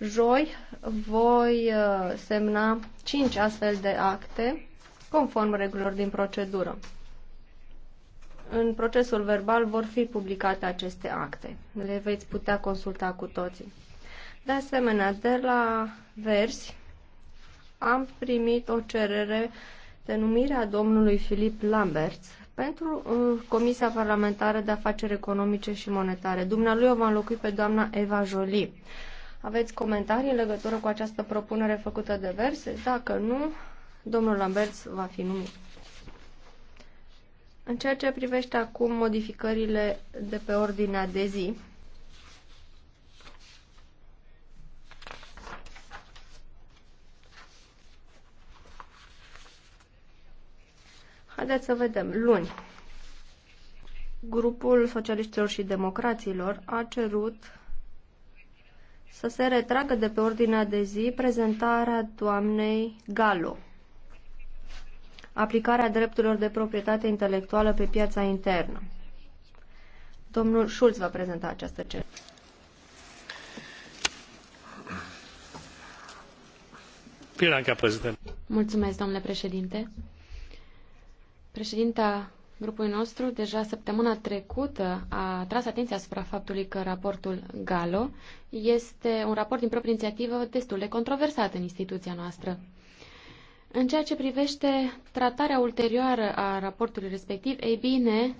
Joi voi uh, semna 5 astfel de acte conform regulilor din procedură. În procesul verbal vor fi publicate aceste acte. Le veți putea consulta cu toții. De asemenea, de la Versi am primit o cerere de numire a domnului Filip Lambert pentru uh, Comisia Parlamentară de Afaceri Economice și Monetare. Dumnealui o va înlocui pe doamna Eva Jolie. Aveți comentarii în legătură cu această propunere făcută de verse? Dacă nu, domnul Lamberts va fi numit. În ceea ce privește acum modificările de pe ordinea de zi, Haideți să vedem. Luni, grupul socialiștilor și democraților a cerut să se retragă de pe ordinea de zi prezentarea doamnei Galo. Aplicarea drepturilor de proprietate intelectuală pe piața internă. Domnul Schulz va prezenta această cerere. Mulțumesc, domnule președinte. Președinta Grupul nostru deja săptămâna trecută a tras atenția asupra faptului că raportul Galo este un raport din proprie inițiativă destul de controversat în instituția noastră. În ceea ce privește tratarea ulterioară a raportului respectiv, ei bine,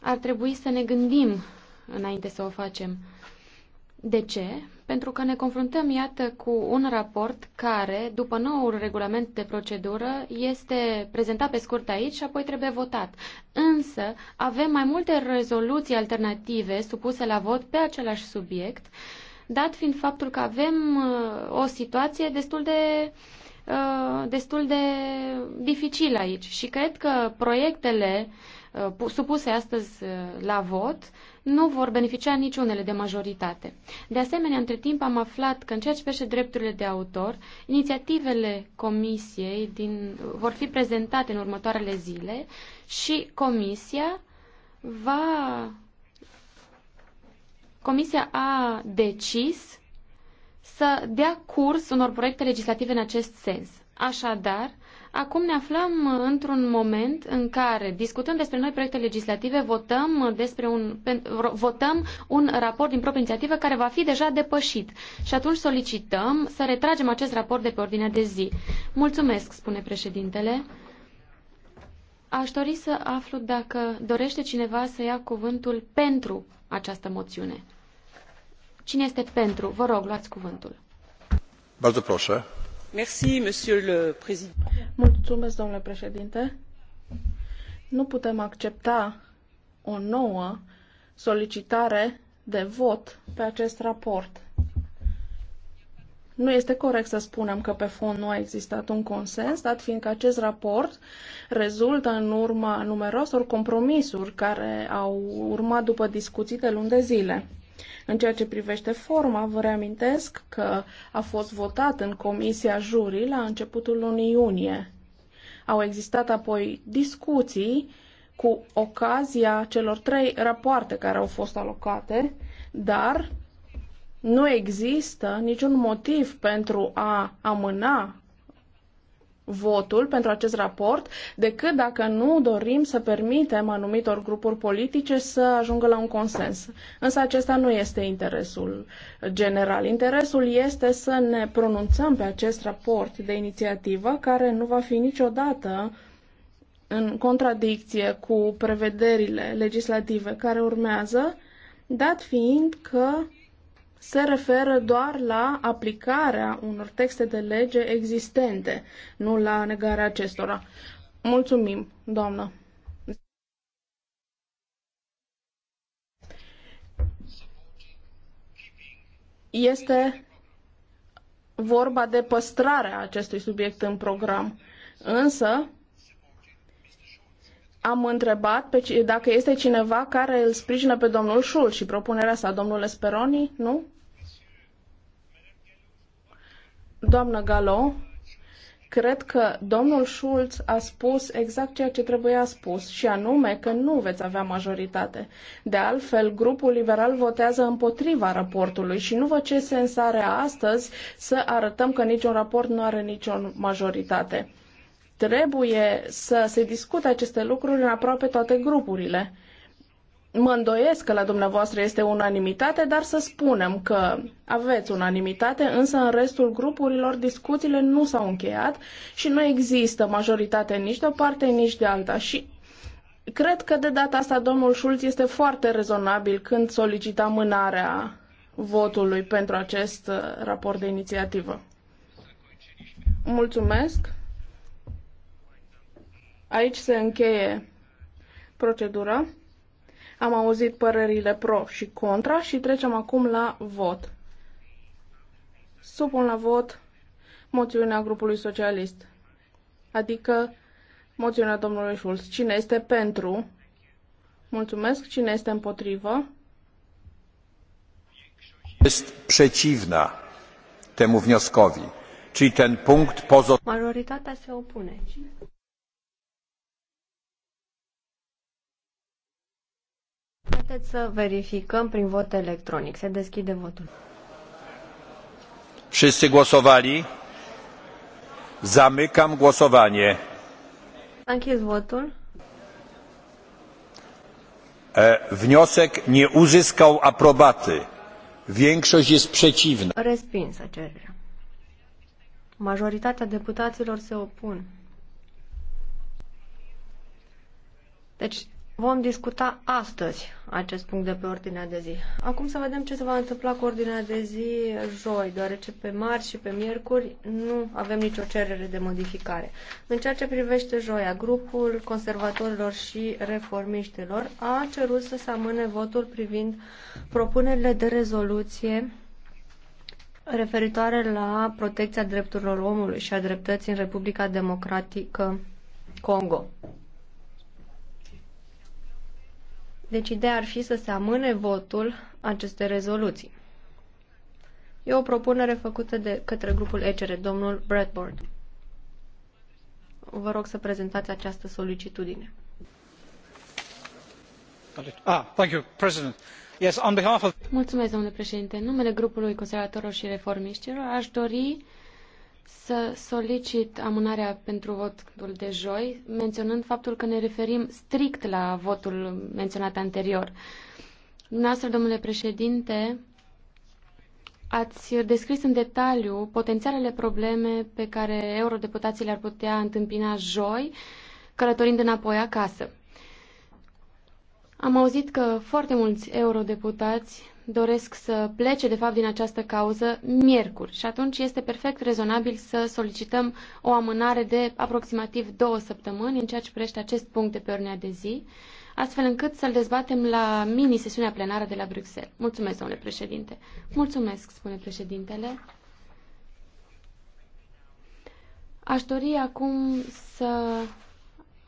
ar trebui să ne gândim înainte să o facem. De ce? pentru că ne confruntăm, iată, cu un raport care, după noul regulament de procedură, este prezentat pe scurt aici și apoi trebuie votat. Însă, avem mai multe rezoluții alternative supuse la vot pe același subiect, dat fiind faptul că avem uh, o situație destul de uh, destul de dificil aici și cred că proiectele uh, Uh, supuse astăzi uh, la vot nu vor beneficia niciunele de majoritate. De asemenea, între timp am aflat că în ceea ce privește drepturile de autor, inițiativele comisiei din, uh, vor fi prezentate în următoarele zile și comisia va Comisia a decis să dea curs unor proiecte legislative în acest sens. Așadar, acum ne aflăm într-un moment în care, discutând despre noi proiecte legislative, votăm, despre un, votăm un raport din proprie inițiativă care va fi deja depășit. Și atunci solicităm să retragem acest raport de pe ordinea de zi. Mulțumesc, spune președintele. Aș dori să aflu dacă dorește cineva să ia cuvântul pentru această moțiune. Cine este pentru? Vă rog, luați cuvântul. Bardzo proszę. Mulțumesc, domnule președinte. Nu putem accepta o nouă solicitare de vot pe acest raport. Nu este corect să spunem că pe fond nu a existat un consens, dat fiindcă acest raport rezultă în urma numeroasor compromisuri care au urmat după discuții de luni de zile. În ceea ce privește forma, vă reamintesc că a fost votat în Comisia Jurii la începutul lunii iunie. Au existat apoi discuții cu ocazia celor trei rapoarte care au fost alocate, dar nu există niciun motiv pentru a amâna votul pentru acest raport decât dacă nu dorim să permitem anumitor grupuri politice să ajungă la un consens. Însă acesta nu este interesul general. Interesul este să ne pronunțăm pe acest raport de inițiativă care nu va fi niciodată în contradicție cu prevederile legislative care urmează, dat fiind că se referă doar la aplicarea unor texte de lege existente, nu la negarea acestora. Mulțumim, doamnă. Este vorba de păstrarea acestui subiect în program, însă am întrebat pe, dacă este cineva care îl sprijină pe domnul Șul și propunerea sa, domnule Speroni, nu? Doamnă Galo, cred că domnul Schulz a spus exact ceea ce trebuia spus, și anume că nu veți avea majoritate. De altfel, grupul liberal votează împotriva raportului și nu vă ce sens are astăzi să arătăm că niciun raport nu are nicio majoritate. Trebuie să se discute aceste lucruri în aproape toate grupurile. Mă îndoiesc că la dumneavoastră este unanimitate, dar să spunem că aveți unanimitate, însă în restul grupurilor discuțiile nu s-au încheiat și nu există majoritate nici de o parte, nici de alta. Și cred că de data asta domnul Schulz este foarte rezonabil când solicita mânarea votului pentru acest uh, raport de inițiativă. Mulțumesc. Aici se încheie procedura. Am auzit părerile pro și contra și trecem acum la vot. Supun la vot moțiunea grupului socialist, adică moțiunea domnului Schulz. Cine este pentru? Mulțumesc. Cine este împotrivă? Este przeciwna temu wnioskowi, czyli ten punkt pozostaje. Majoritatea se opune. Haideți să verificăm prin vot electronic. Se deschide votul. Wszyscy głosowali? Zamykam głosowanie. Închis votul. E, wniosek nie uzyskał aprobaty. Większość jest przeciwna. Respinsă cererea. Majoritatea deputaților se opun. Deci Vom discuta astăzi acest punct de pe ordinea de zi. Acum să vedem ce se va întâmpla cu ordinea de zi joi, deoarece pe marți și pe miercuri nu avem nicio cerere de modificare. În ceea ce privește joia, grupul conservatorilor și reformiștilor a cerut să se amâne votul privind propunerile de rezoluție referitoare la protecția drepturilor omului și a dreptății în Republica Democratică Congo. Deci ideea ar fi să se amâne votul acestei rezoluții. E o propunere făcută de către grupul ECR, domnul Bradford. Vă rog să prezentați această solicitudine. Ah, thank you, President. Yes, on behalf of... Mulțumesc, domnule președinte. În numele grupului conservatorilor și reformiștilor aș dori uh, să solicit amânarea pentru votul de joi, menționând faptul că ne referim strict la votul menționat anterior. Dumneavoastră, domnule președinte, ați descris în detaliu potențialele probleme pe care eurodeputații le-ar putea întâmpina joi, călătorind înapoi acasă. Am auzit că foarte mulți eurodeputați doresc să plece, de fapt, din această cauză miercuri și atunci este perfect rezonabil să solicităm o amânare de aproximativ două săptămâni în ceea ce privește acest punct de pe ordinea de zi, astfel încât să-l dezbatem la mini-sesiunea plenară de la Bruxelles. Mulțumesc, domnule președinte. Mulțumesc, spune președintele. Aș dori acum să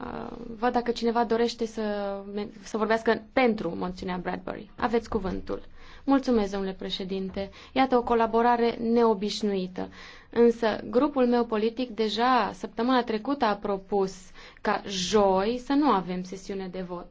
Uh, văd dacă cineva dorește să, să vorbească pentru moțiunea Bradbury. Aveți cuvântul. Mulțumesc, domnule președinte. Iată o colaborare neobișnuită. Însă grupul meu politic deja săptămâna trecută a propus ca joi să nu avem sesiune de vot.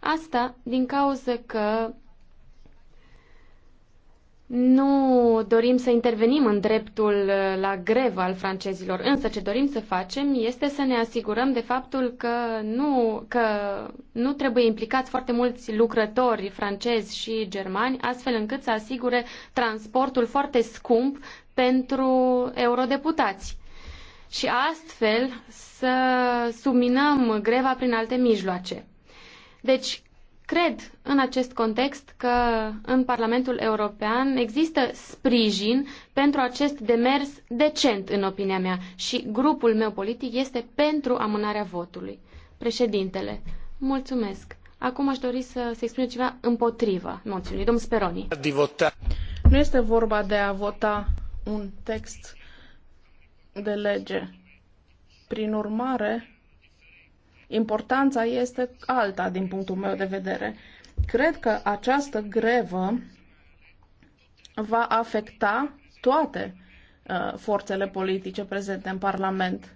Asta din cauza că nu dorim să intervenim în dreptul uh, la grevă al francezilor, însă ce dorim să facem este să ne asigurăm de faptul că nu, că nu trebuie implicați foarte mulți lucrători francezi și germani, astfel încât să asigure transportul foarte scump pentru eurodeputați. Și astfel să subminăm greva prin alte mijloace. Deci, Cred în acest context că în Parlamentul European există sprijin pentru acest demers decent, în opinia mea, și grupul meu politic este pentru amânarea votului. Președintele, mulțumesc. Acum aș dori să se exprime ceva împotriva moțiunii. Domnul Speroni. Nu este vorba de a vota un text de lege. Prin urmare, Importanța este alta din punctul meu de vedere. Cred că această grevă va afecta toate uh, forțele politice prezente în Parlament.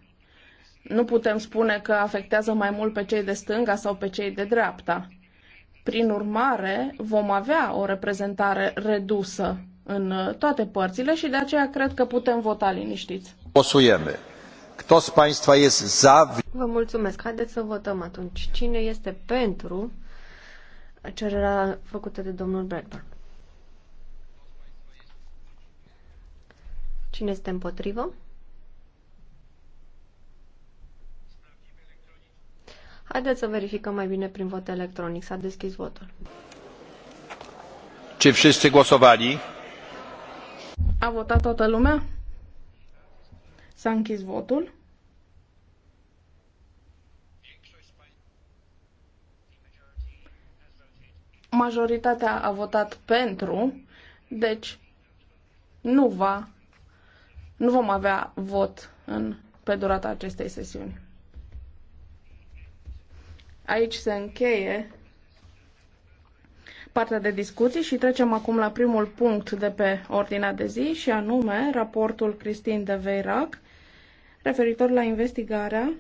Nu putem spune că afectează mai mult pe cei de stânga sau pe cei de dreapta. Prin urmare, vom avea o reprezentare redusă în uh, toate părțile și de aceea cred că putem vota liniștiți. Głosujemy. Kto z Państwa jest za... Vă mulțumesc. Haideți să votăm atunci. Cine este pentru cererea făcută de domnul Bradburn? Cine este împotrivă? Haideți să verificăm mai bine prin vot electronic. S-a deschis votul. Ce wszyscy głosowali? A votat toată lumea? S-a închis votul. Majoritatea a votat pentru, deci nu va nu vom avea vot în, pe durata acestei sesiuni. Aici se încheie partea de discuții și trecem acum la primul punct de pe ordinea de zi și anume raportul Cristin de Veirac referitor la investigarea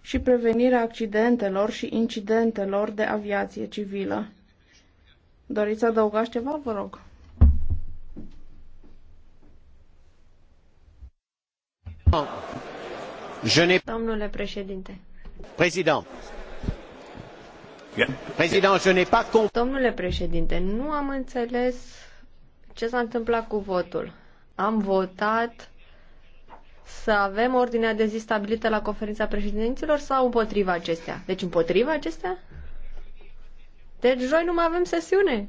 și prevenirea accidentelor și incidentelor de aviație civilă. Doriți să adăugați ceva, vă rog? Domnule președinte. Prezident. Prezident, je pas Domnule președinte, nu am înțeles ce s-a întâmplat cu votul. Am votat să avem ordinea de zi stabilită la conferința președinților sau împotriva acestea? Deci împotriva acestea? Deci joi nu mai avem sesiune.